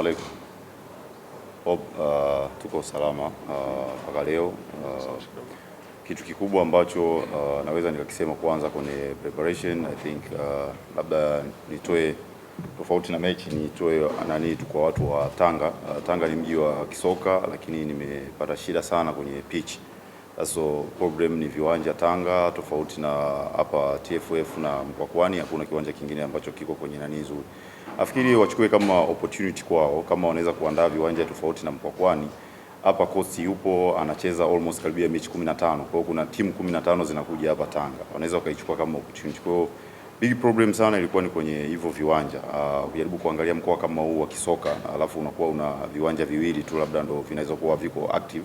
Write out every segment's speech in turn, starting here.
alaikum. Uh, tuko salama uh, mpaka leo uh, kitu kikubwa ambacho uh, naweza nikakisema kwanza kwenye preparation I think uh, labda nitoe tofauti na mechi nitoe uh, nani tu kwa watu wa Tanga uh, Tanga ni mji wa kisoka, lakini nimepata shida sana kwenye pitch So problem ni viwanja Tanga, tofauti na hapa TFF na Mkwakwani, hakuna kiwanja kingine ambacho kiko kwenye nani nzuri. Nafikiri wachukue kama opportunity kwao, kama wanaweza kuandaa viwanja tofauti na Mkwakwani. Hapa kosi yupo anacheza almost karibia mechi 15. Kwa hiyo kuna timu 15 zinakuja hapa Tanga, wanaweza wakaichukua kama opportunity. Kwa hiyo big problem sana ilikuwa ni kwenye hivyo viwanja. Ah, ukijaribu uh, kuangalia mkoa kama huu wa kisoka, alafu unakuwa una viwanja viwili tu labda ndo vinaweza kuwa viko active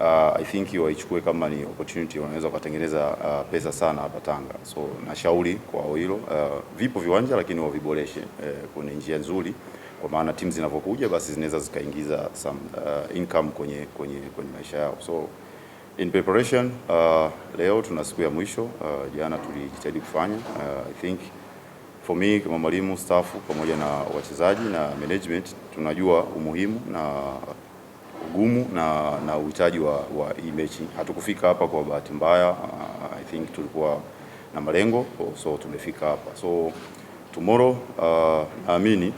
uh, I think waichukue kama ni opportunity, wanaweza wakatengeneza uh, pesa sana hapa Tanga. So nashauri kwao hilo. Uh, vipo viwanja lakini waviboreshe uh, kwenye njia nzuri, kwa maana timu zinavyokuja basi zinaweza zikaingiza some uh, income kwenye, kwenye, kwenye maisha yao so in preparation uh, leo tuna siku ya mwisho uh, jana tulijitahidi kufanya uh, I think for me kama mwalimu staff pamoja na wachezaji na management tunajua umuhimu na ugumu na, na uhitaji wa, wa hii mechi. Hatukufika hapa kwa bahati mbaya. Uh, I think tulikuwa na malengo so tumefika hapa. So tomorrow uh, naamini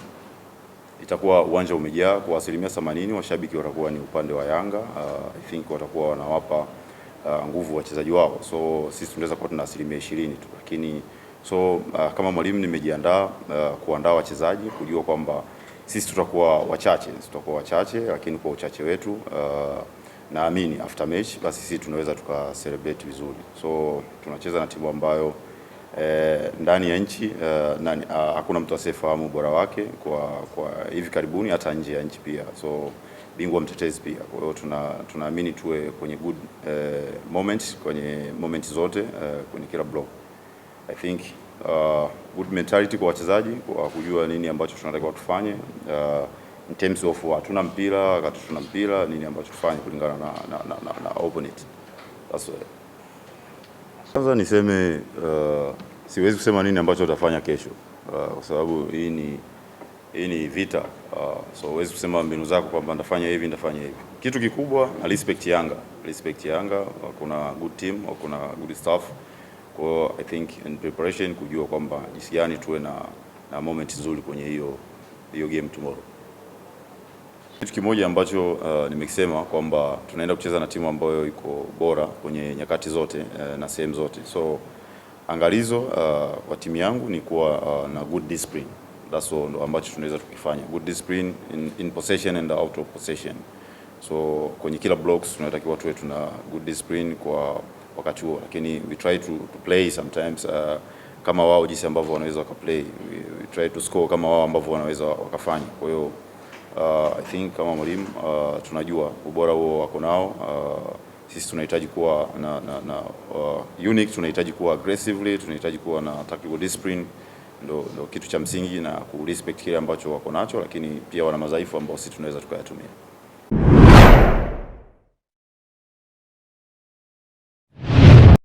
itakuwa uwanja umejaa kwa asilimia themanini. Washabiki watakuwa ni upande wa Yanga. Uh, I think watakuwa wanawapa uh, nguvu wachezaji wao, so sisi tunaweza kuwa tuna asilimia ishirini tu, lakini so uh, kama mwalimu nimejiandaa uh, kuandaa wachezaji kujua kwamba sisi tutakuwa wachache, tutakuwa wachache, lakini kwa uchache wetu uh, naamini after match basi sisi tunaweza tuka celebrate vizuri. So tunacheza na timu ambayo eh, ndani ya nchi eh, uh, nani, ah, uh, hakuna mtu asiyefahamu ubora wake kwa, kwa hivi karibuni hata nje ya nchi pia, so bingwa mtetezi pia. Kwa hiyo tuna tunaamini tuwe kwenye good eh, moment kwenye moment zote eh, kwenye kila block I think uh, good mentality kwa wachezaji kwa kujua nini ambacho tunatakiwa tufanye uh, in terms of hatuna mpira wakati tuna mpira nini ambacho tufanye kulingana na, na, na, na, na opponent. That's why. Sasa niseme uh, siwezi kusema nini ambacho utafanya kesho uh, kwa sababu hii ni hii ni vita uh, so huwezi kusema mbinu zako kwamba nitafanya hivi nitafanya hivi. Kitu kikubwa na respect Yanga, respect Yanga, kuna good team, kuna good staff kwa hiyo I think in preparation kujua kwamba jinsi gani tuwe na, na moment nzuri kwenye hiyo hiyo game tomorrow. Kitu kimoja ambacho uh, nimekisema kwamba tunaenda kucheza na timu ambayo iko bora kwenye nyakati zote uh, na sehemu zote. So angalizo uh, wa timu yangu ni kuwa uh, na good discipline. That's all ndo ambacho tunaweza tukifanya. Good discipline in, in possession and out of possession. So kwenye kila blocks tunatakiwa tuwe tuna good discipline kwa wakati huo, lakini we try to, to play sometimes uh, kama wao jinsi ambavyo wanaweza wakaplay, we, we try to score kama wao ambavyo wanaweza wakafanya. Kwa hiyo uh, I think kama mwalimu uh, tunajua ubora huo wako nao uh, sisi tunahitaji kuwa na, na, na uh, unique, tunahitaji kuwa aggressively, tunahitaji kuwa na tactical discipline ndo, ndo kitu cha msingi na respect kile ambacho wako nacho, lakini pia wana madhaifu ambao sisi tunaweza tukayatumia.